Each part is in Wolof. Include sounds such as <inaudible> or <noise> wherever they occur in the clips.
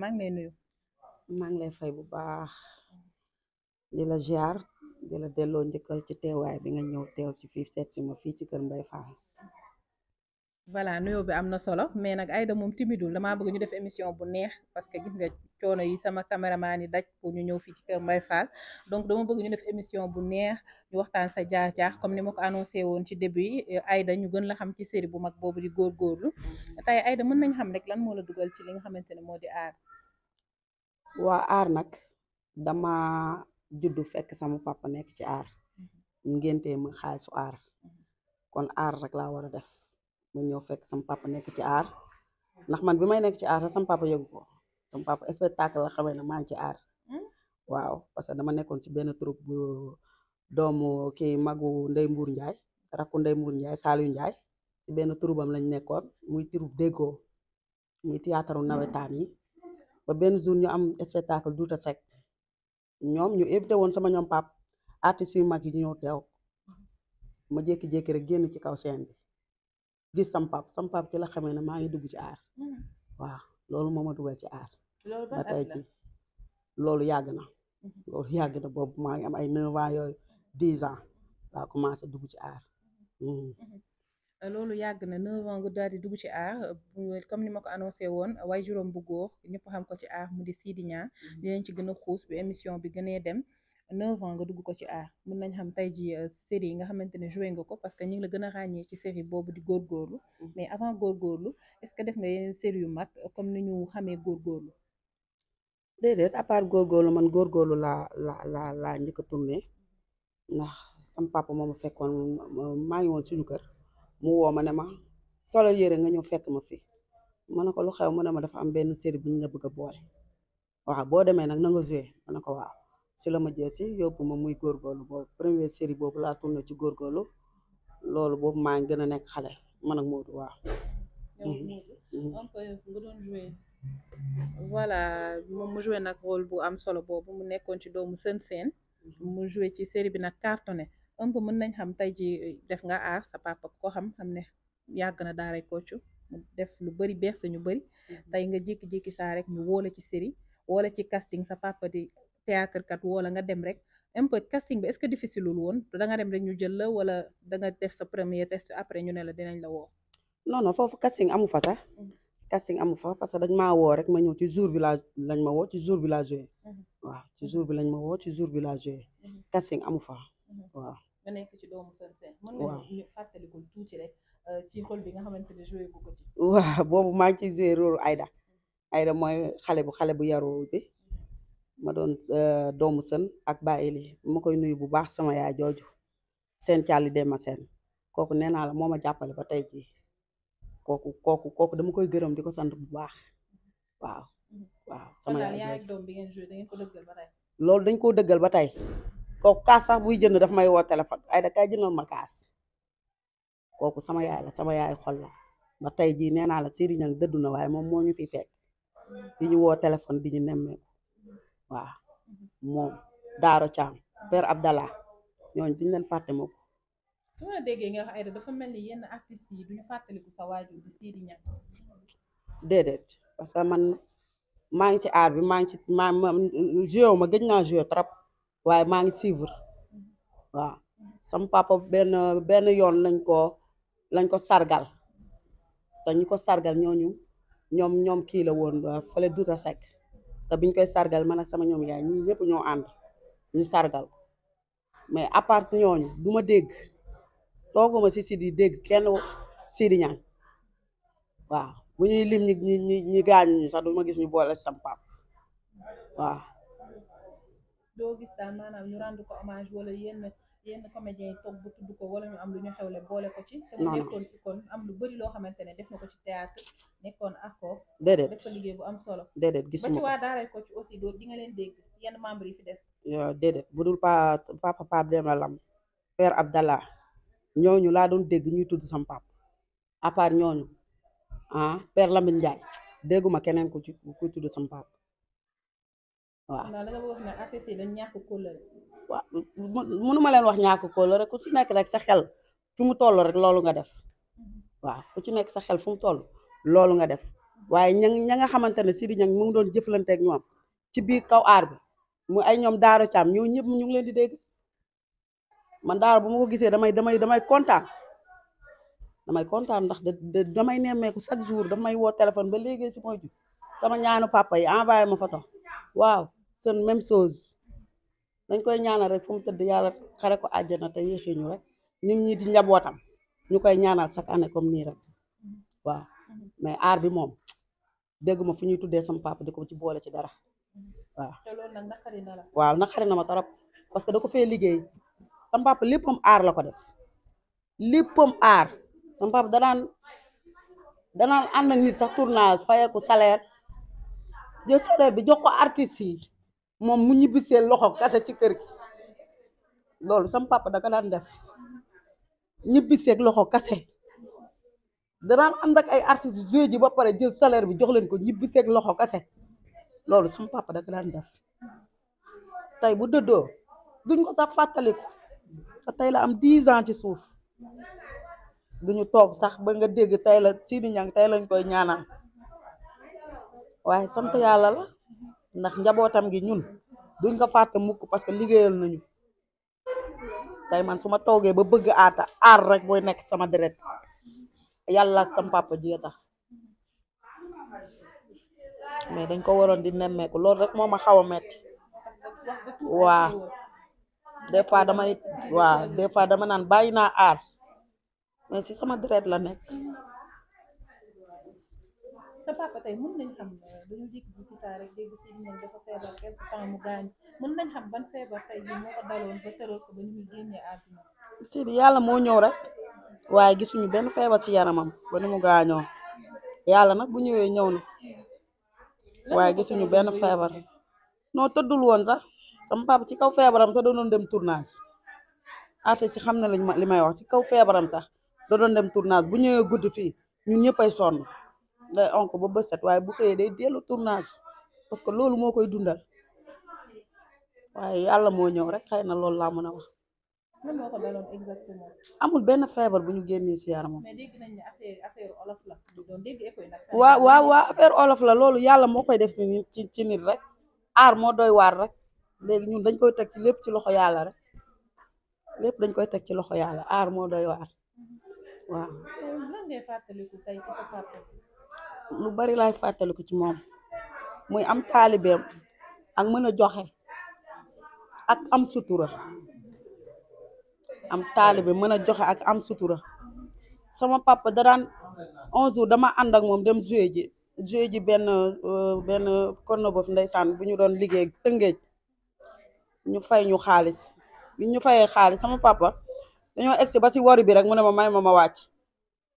mang lay nuyu maa ngi lay fay bu baax di la ziar di la delloo njëkkal ci teewaay bi nga ñëw teew ci fii seet si ma fii ci kër Mbaye faam voilà nuyoo bi am na solo mais nag Aïda moom timidul damaa bëgg ñu def émission bu neex parce que gis nga coono yi sama caméraman yi daj pour ñu ñëw fii ci kër Mbaye Fall donc dama bëgg ñu def émission bu neex ñu waxtaan sa jaar-jaar comme ni ma ko annoncé woon ci début yi euh, Aïda ñu gën la xam ci série bu mag boobu di góorgóorlu tey Aïda mën nañ xam rek lan moo la dugal ci li nga xamante ne moo di aar waa aar nag dama juddu fekk sama papa nekk ci aar mm-hmm. ngénte ma xaalisu aar mm-hmm. kon aar rek laa war a def ma ñëw fekk sama papa nekk ci aar ndax man bi may nekk ci aar sax sama papa yëgu ko sama papa spectacle la xamee ne maa ngi ci aar hmm? waaw parce que dama nekkoon si benn troupe bu doomu kii magu Ndey Mbuur Njaay rakku Ndey Mbuur Njaay Saliou Njaay si benn troubam lañ nekkoon muy troupe déggoo muy théâtre nawetaan yi ba benn jour ñu am spectacle duuta sec ñoom ñu invité woon sama ñoom pap artistes yu mag yi ñu ñëw teew ma jékki-jékki rek génn ci kaw scène bi gis sam pap sam la xamee ne maa ngi dugg ci aar hmm. waaw loolu moo ma dugal ci aar ba tey loolu yàgg na hmm. loolu yàgg na boobu maa ngi am ay neuf ans yooyu dix ans laa commencé dugg ci aar hmm. loolu yàgg na neuf ans nga daal di dugg ci aar comme ni ma ko annoncé woon waaye juróom bu góor ñëpp xam ko ci aar mu di Sidy Niang dinañ ci gën a xuus bu émission bi gënee dem neuf ans nga dugg ko ci aar mun nañ xam tey ji euh, série yi nga xamante ne nga ko parce que ñu ngi la gën a ràññee ci série boobu di góorgóorlu mm-hmm. mais avant góorgóorlu est-ce que def nga yeneen série yu mag euh, comme ni ñu xamee góorgóorlu déedéet à part góorgóorlu man góorgóorlu laa la la laa njëkk a tourné ndax sam papa moom fekkoon maa ngi woon suñu kër mu woo ma ne ma solo yére nga ñëw fekk ma fi mana ne ko lu xew mu ma dafa am benn série bu ñu la bëgg a boole waaw boo demee nag na nga ko waaw sila la ma jeesi yóbbu ma muy góorgóorlu boobu première série boobu laa tourné ci gor golu boobu bobu ma gën a nekk xale man ak Modou waaw. voilà mo mu jouer nak rôle bu am solo bobu mu nekkon ci doomu sen sen mu mhm. jouer ci serie bi nak cartonné un peu mën nañ xam tay ji eh, def nga ar sa papa ko xam xam ne na daaray koccu mu def lu bari bex sa ñu bëri mhm. tey nga jik jik sa rek mu wolé ci serie wolé ci casting sa papa di théâtre kat woo la nga dem rek un peu casting bi est-ce que difficile lul woon da nga dem rek ñu jël la wala da nga def sa premier test après ñu ne la dinañ la woo. non non foofu casting amu fa sax. Mhm. casting amu fa parce que dañ maa woo rek ma ñëw ci jour bi lañ ma woo ci jour bila laa joué. Mhm. waaw ci jour bi lañ ma woo ci jour bi laa joué. Mhm. casting amu fa waaw. nga nekk ci doomu seen rek euh, ci xol bi nga xamante ne joué ko ci. waaw boobu maa ngi ciy joué rôle Aïda. Aïda xale bu xale bu yaru bi. ma doon eh, doomu sën ak Baye Eli koy nuyu bu baax sama yaay jooju seen càlli dem seen kooku nee naa la moo ma jàppale ba tey jii kooku kooku kooku dama koy gërëm di ko sant bu baax waaw. waaw loolu dañ koo dëggal ba tey kooku kaas sax buy jënd daf may woo téléphone ay da kay jëndal ma kaas kooku sama yaay la sama yaay xol la ba tey jii nee naa la Sidi Niang dëddu na waaye moom moo ñu fi fekk di ñu woo téléphone di ñu nemmeeku. waaw mm-hmm. moom Daaro Thiam Père Abdallah ñooñu duñ leen fàtte moom. nga wax Aïda dafa mel ni yenn artistes yi déedéet parce que man maa ngi ci aar bi maa ngi ci maa ma ma gëj naa joué trop waaye maa ngi suivre mm-hmm. waaw sama papa benn benn yoon lañ ko lañ ko sargal te ñu ko sargal ñooñu ñoom ñoom kii la woon fële Duta Seck. te biñ koy sargal man ak sama ñoom yaay ñii ñëpp ñoo ànd ñu sargal ko mais à part ñooñu du ma dégg tooguma si Sidi dégg kenn Sidi ñaan waaw bu ñuy lim ñi ñi ñi gaañu ñu sax du ma gis ñu boole sam pap waaw. doo gis daal maanaam ñu rendre ko hommage wala yenn yenn comédien yi toog bu tudd ko wala ñu am lu ñu xewle boole ko ci te mu nekkoon ci kon am lu bari loo xamante ne def na ko ci théâtre nekkoon accord ko solo déedéet gis ba ci daaray ko ci aussi doo di nga leen dégg yenn membre yi fi des déedéet bu dul pa papa a Demba Lam père Abdallah ñooñu laa doon dégg ñuy tudd sam pap à part ñooñu ah père Lamine Ndiaye dégguma keneen ku ci ku tudd sam pap waaw mënuma leen wax ñàkk rek ku ci nekk rek sa xel fi mu toll rek loolu nga def waaw ku ci nekk sa xel fu mu toll loolu nga def waaye ña ña nga xamante ne Sidi Niang mu doon jëflanteeg ñoom ci biir kaw aar bi mu ay ñoom Daaro Thiam ñoo ñëpp ñu ngi leen di dégg man Daaro bu ma ko gisee damay damay damay kontaan damay kontaan ndax da damay nemmeeku chaque jour damay woo téléphone ba léegi si mooy ju sama ñaanu papa yi envoyé ma photo waaw seen même chose dañ koy ñaanal rek fu mu tëdd yàlla xare ko àjjana te yéexi ñu rek ñun ñi di njabootam ñu koy ñaanal chaque année comme nii rek waaw aar bi moom dégg ma fu ñuy tuddee sama papa di ko ci boole ci dara waaw. te loolu na la. waaw naqari na ma trop parce que da ko fee liggéey sama papa léppam aar la ko def léppam aar sama papa danaan danaan ànd nit sax tournage fayeku salaire jël salaire bi jox ko artistes yi. moom mu ñibbisee loxo kase ci kër gi loolu sam papa daan def ñibbiseeg loxo kase danaan ànd ak ay artistes joué ji ba pare jël salaire bi jox leen ko ñibbiseeg loxo kase loolu sam papa da daan def tey bu dëddoo duñ ko sax fàttaliku a tey la am dix ans ci suuf duñu toog sax ba nga dégg tey la Sidi Niang tey lañ koy ñaanal waaye sant yàlla la. ndax njabootam gi ñun duñ ko fàtte mukk parce que liggéeyal nañu tay man suma togué ba bëgg aata ar rek boy nek sama dérèt yalla ak sam papa ji tax mais dañ ko waron di ko lool rek moma xawa metti wa des fois dama wa des fois dama nan bayina ar mais ci sama dérèt la nek sa papa tey mën nañ xam dañu euh, jékki bu titaa rek dégg si feebar quelque temps nañ xam ban feebar tey jii moo ko daloon ba tëral ko ba ni muy génnee àdduna yàlla moo ñëw rek waaye gisuñu benn feebar ci yaramam ba mu gaañoo yàlla nag bu ñëwee ñëw na waaye gisuñu benn feebar noo tëddul woon sax sama papa ci kaw feebaram sax da dem tournage artiste si xam na li may wax ci kaw feebaram sax da doon dem tournage bu ñëwee gudd fii ñun ñëppay sonn day onk ba bësat waaye bu xëyee day dellu tournage parce que loolu moo koy dundal waaye yàlla moo ñëw rek xëy na loolu laa mën a wax. amul benn feebar bu ñu génnee si yaramam. mais dégg nañ ne olof la. doon dégg la loolu yàlla moo koy def ni ci ci nit rek aar moo doy waar rek léegi ñun dañ koy teg ci lépp ci loxo yàlla rek lépp dañ koy teg ci loxo yàlla aar moo doy waar mhm. waaw. Euh, lu bari lay fàttaliku ci moom muy am taalibeem ak mën a joxe ak am sutura am taalibe mën a joxe ak am sutura sama papa daraan onze jours dama ànd ak moom dem joué ji joué ji benn euh, benn korno bof ndeysaan bu ñu doon liggéey tëngéej ñu fay ñu xaalis bi ñu fayee xaalis sama papa dañoo egsi ba si wari bi rek mu ne ma may ma ma wàcc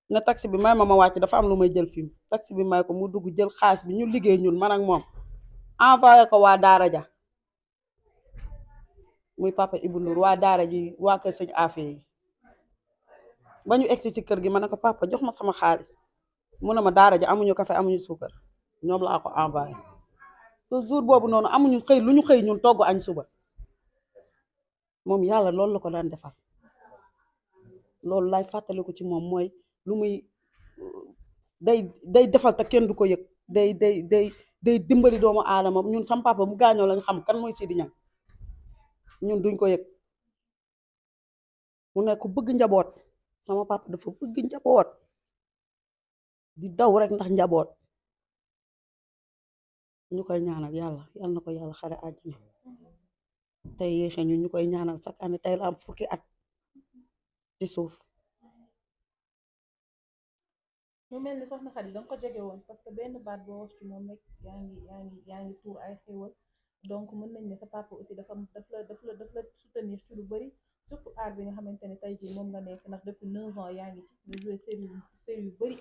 na tax bi may ma ma wàcc dafa am lu may jël fi taxi bi may ko mu dugg jël xaalis bi ñu liggéey ñun man moom envoyé ko waa daara ja muy papa Ibou waa daara ji waa kër sëñ affaire yi ba ñu egsi ci kër gi ma ne ko papa jox ma sama xaalis mu ne ma daara ja amuñu café amuñu suukar ñoom laa ko envoyé te boobu noonu amuñu xëy lu ñu xëy ñun togg añ suba moom yàlla loolu la ko daan defal loolu lay fàttaliku ci moom mooy lu muy day day defal te kenn du ko yëg day day day day dimbali doomu aadama ñun sam papa mu gaañoo lañ xam kan mooy Sidi Ñang ñun duñ ko yëg mu nekk ku bëgg njaboot sama papa dafa bëgg njaboot di daw rek ndax njaboot ñu koy ñaanal yàlla yàlla na ko yàlla xare àjjana tey yéexe ñu ñu koy ñaanal chaque année tey fukki at ci suuf ممن اللي يعني صحنا خليدون قد جاوان إيه فاست بين بعد بوش تمومك يعني يعني يعني طول اي خيول دونك من نجنة سبابة اسي دفل دفل دفل دفل سوتن يشتو لبري سوكو عربي نحمن تاني تايجي مومنا نيك نخدف نوفا يعني نجوي سيري سيري بري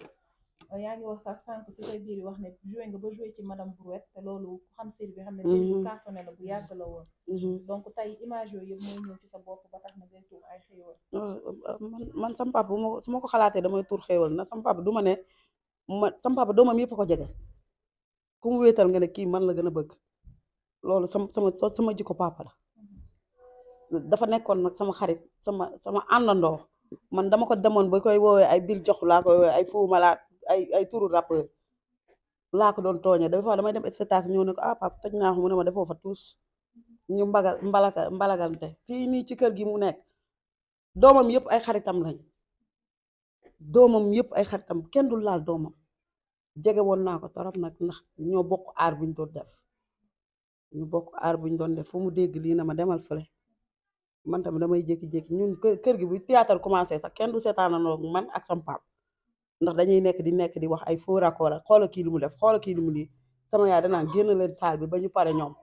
yaa ngi wax sax sànq si say wax ne joué nga ba joué ci madame te loolu xam série xam ne série bu cartonné mhm. la bu yàgg la mhm. donc tey image ci sa bopp euh, man man sama papa ma su ma ko xalaatee damay tuur xéewal na sama papa du ma ne ma sama papa doomam yëpp ko jege ku mu wéetal nga ne kii man la gën a bëgg loolu sama sama sama jikko papa la mhm. dafa nekkoon nag sama xarit sama sama àndandoo man dama ko demoon ba koy woowee ay biir jox laa koy woowee ay fuumalaat ay ay turu rappeur laa ko doon tooñe des fois damay dem spectacle ñëw ne ko ah papa toj naa ne ma defoo fa tuus ñu mbagal mbalaka mbalagante fii nii ci kër gi mu nekk doomam yëpp ay xaritam lañ doomam yëpp ay xaritam kenn du laal doomam jege woon naa ko torop nag ndax ñoo bokk aar buñ doon def ñu bokk aar buñ doon def fu mu dégg lii na ma demal fële man tamit damay jékki-jékki ñun kër gi bu théâtre commencé sax kenn du seetaana noog man ak sam ndax dañuy nekk di nekk di wax ay faux raccord ak xoola kii li mu def xoola kii li mu sama yaay danaan génn leen saal bi ba ñu pare ñoom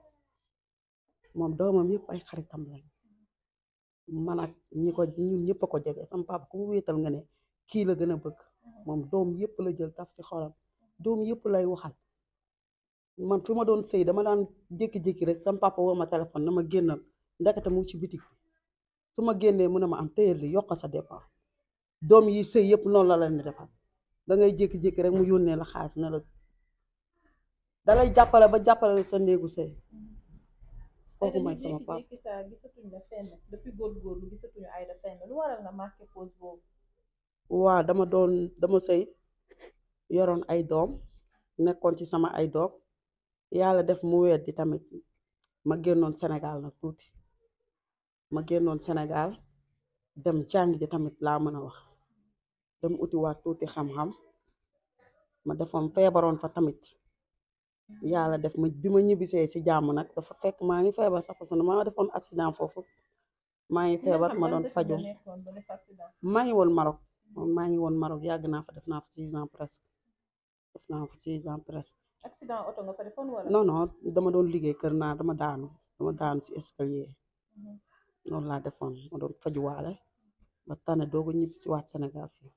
moom doomam yëpp ay xaritam lañ ñi ko ñëpp a ko jege sama papa ku nga ne kii la gën a bëgg moom doom yëpp la jël taf ci xolam doom yëpp lay waxal man fi ma doon sëy dama daan jékki-jékki rek sama papa woo ma téléphone na ma génnal ndekete mu ci bitik suma génnee mun ne ma am téyel li yokk sa dépense doom yi sëy yëpp noonu la leen di defal dangay ngay jékki-jékki rek mu yónnee la xaalis na la da jàppale ba jàppale sa néegu sëy kooku mooy sama papa waaw dama doon dama sëy yoroon ay doom nekkoon ci sama ay doom yàlla def mu weer di tamit ma génnoon senegal nag tuuti ma génnoon Sénégal dem jàng ji tamit laa mën a wax dem utiwaat tuuti xam-xam ma defoon feebaroon fa tamit yàlla def ma bi ma ñibbisee si jàmm nag dafa fekk maa ngi feebar sax parce que maa defoon foofu maa ngi feebar ma doon maa ngi woon Maroc maa ngi woon Maroc yàgg naa fa def naa fa six ans presque naa fa six ans presque. accident dama doon liggéey kër naa dama daanu dama daanu si escalier mhm. laa defoon ma doon fajuwaale ba tane doog a ñibbisiwaat Sénégal fii.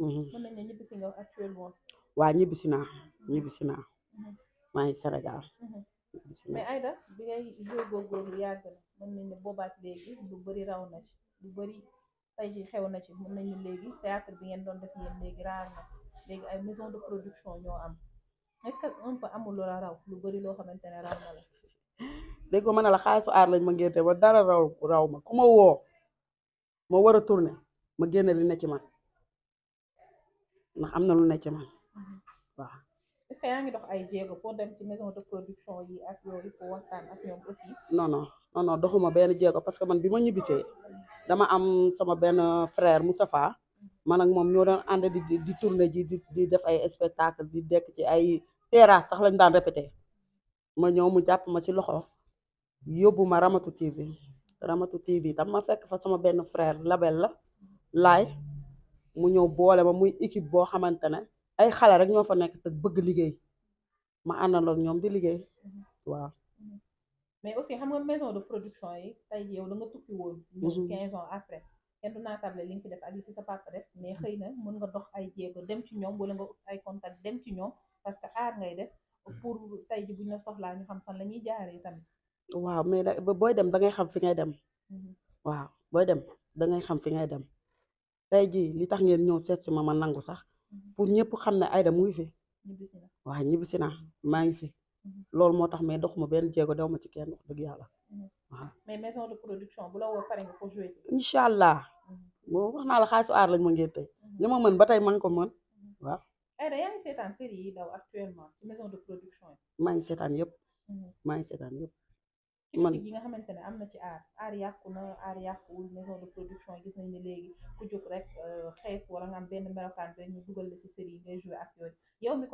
Mm-hmm. mën na ne ñibbisi nga actuellement. waa ñibbisi naa mm-hmm. ñibbisi naa. Mm-hmm. maa ngi Sénégal. mais Aïda bi ngay jóg góorgóorlu yàgg na mën nañ ne boobaat léegi lu bëri raw na ci lu bëri tey ji xew na ci mën nañu léegi théâtre bi ngeen doon def yéen léegi raar na léegi ay maison de production ñoo am est-ce que un peu amul loola raw lu bari loo xamante ne raw na la. léegi ma ne la xaalisu aar lañ ma ngénte ba dara raw raw ma ku ma woo ma war a tourner ma génne li ne ci man. ndax amna lu ne ci man waaw. est-ce que yaa dox ay jéego pour dem ci maison de production yi ak yooyu pour waxtan ak ñom aussi. non non non non doxuma ben jéego parce que man bima ma dama am sama ben frère Moustapha mm-hmm. man ak mom ñoo doon ànd di di tourner ji di di def ay spectacle di dekk ci ay terrasse sax lañ daan répéter ma ñëw mu japp ma ci loxo yobuma Ramatu TV Ramatu TV tam ma fekk fa sama ben frère label la laay. mu ñëw boole ma muy équipe boo xamante ne ay xale rek ñoo fa nekk te bëgg liggéey ma àndandoo ak ñoom di liggéey mm-hmm. waaw. Mm-hmm. mais aussi xam nga maison de production yi tey yow da nga tukki woon. Mm-hmm. ñu 15 ans après kenn du naatable li nga fi def ak li fi sa papa def mais xëy na mën nga dox ay jéego dem ci ñoom wala nga ay contact dem ci ñoom parce que aar ngay def pour tey ji bu ñu la soxlaa ñu xam fan la ñuy jaaree tamit. waaw mais booy dem da ngay xam fi ngay dem. waaw booy dem da ngay xam fi ngay dem. tey jii li tax ngeen ñëw seet si ma ma nangu sax mm-hmm. pour ñëpp xam ne Aida mu ngi fi waa ñibbisi naa mm-hmm. maa ngi fi mm-hmm. loolu moo tax mais doxuma benn jéego daw ma ci kenn wax dëgg yàlla waaw. mais maison de production bu la woo pare nga ko allah boo wax naa la xaalisu aar lañ ma ngeen tey li ma mën ba tey man ko mën waaw. Aida yaa ngi seetaan série yi daw actuellement ci maison de maa ngi seetaan yëpp maa ngi seetaan yëpp. man yi nga xamante ne am na ci aar aar yàqu na aar yàquwul maison de production gis nañ ne léegi ku jóg rek euh, xees wala nga am benn melokaan rek ñu dugal la ci série ngay joué ak yooyu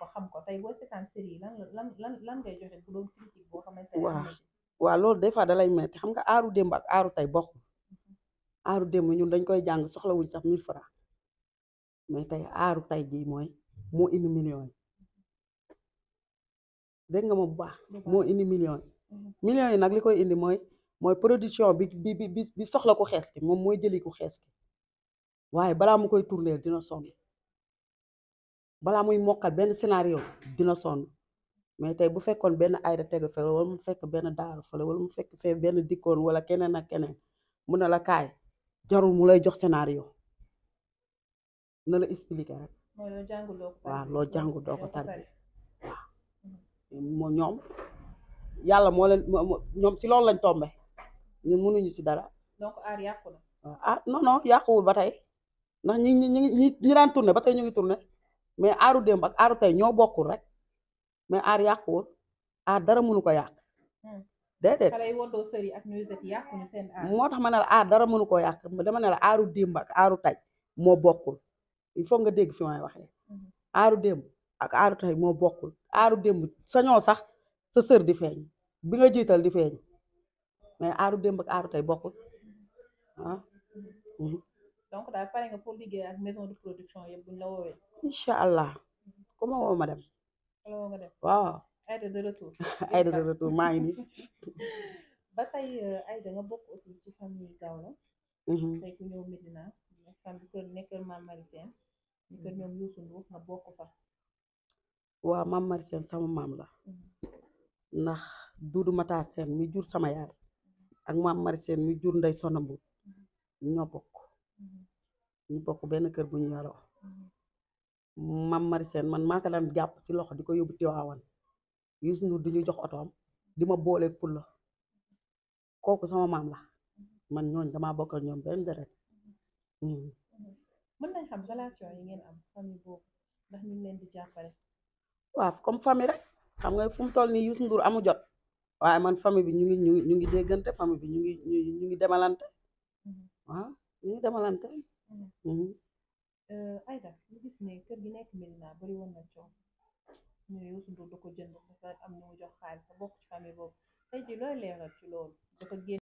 xam ko tey boo seetaan lan lan joxe bu critique boo xamante ne waaw waaw loolu des fois dalay metti xam nga aaru démb aaru tey bokkul mm-hmm. aaru dañ koy jàng soxlawuñ sax mille francs mais tey aaru tey jii mooy moo indi million yi mm-hmm. nga ma bu baax moo indi million yi millions yi nag li koy indi mooy mooy production bi bi bi soxla ku xees ki moom mooy jëli ku xees ki waaye balaa mu koy tourner dina sonn balaa muy mokkal benn scénario dina sonn mais tey bu fekkoon benn ayda tegu fële wala mu fekk benn daaru fële wala mu fekk fee benn dikkoon wala keneen ak keneen mu ne la kaay jarul mu lay jox scénario na la expliquer rek. waaw loo jàngu doo ko tari waaw moo ñoom. yàlla moo leen ñoom si loolu lañ tombé ñun mënuñu si dara. donc aar yàqu na. Ah, ah, yàquwul ba tey ndax ñi ñi ñi ñi daan tourné ba tey ñu ngi tourné mais aaru démb ak aaru tey ñoo mais aar yàquwul aar dara mënu ko yàq. Hmm. déedéet xale yi ak nuisette yàquñu seen aar. moo tax ma la aar dara mënu aaru démb ak aaru tey moo bokkul il faut nga dégg fi may waxee. Hmm. aaru démb ak aaru tey moo bokkul aaru démb sañoo sax sa sër di feeñ bi nga jiital di feeñ mais aaru démb ak aaru tey bokkul ah. Mhm. donc daal pare nga pour liggéey ak maison de production yëpp bu ñu la woowee. incha allah ku ma woo ma dem. da Aïda de retour. <laughs> Aïda de retour maa ngi nii. <laughs> Euh, nga bokk aussi ci famille Gawla. Mhm. tey ku ñëw Medina famille kër nekkal Mame Marie Sène ñu nga bokk fa. waaw Mame Marie sama maam la. Mhm. nah dudu mata sen, mi jur sama ya, ak mam Mari sen mi jur nday sonambu ño bok ñu bok ben keur bu ñu Mari man maa ko japp ci loxo di yobu yóbbu Tiwaawan Youssou Ndour duñu jox di ma booleeg pulla koku sama mam la man ñooñ damaa bokkal ñoom benn deret man hmm. nañ xam relation yi ngeen am famille bo, ndax ñu ngi leen di jàppale waaw comme famille rek xam nga fu mu toll nii Youssou Ndour amu jot waaye man famille bi ñu ngi ñu ngi ñu ngi déggante famille bi ñu ngi ñu ngi demalante mm-hmm. waaw ñu ngi demalante. Mm-hmm. Mm-hmm. Euh, Aïda ñu gis ne kër gi nekk Medina bari woon na coow ñu ne Youssou Ndour da ko jënd dafa am ñu mu jox xaalis sa bokk famille boobu tey jii looy leeral ci loolu dafa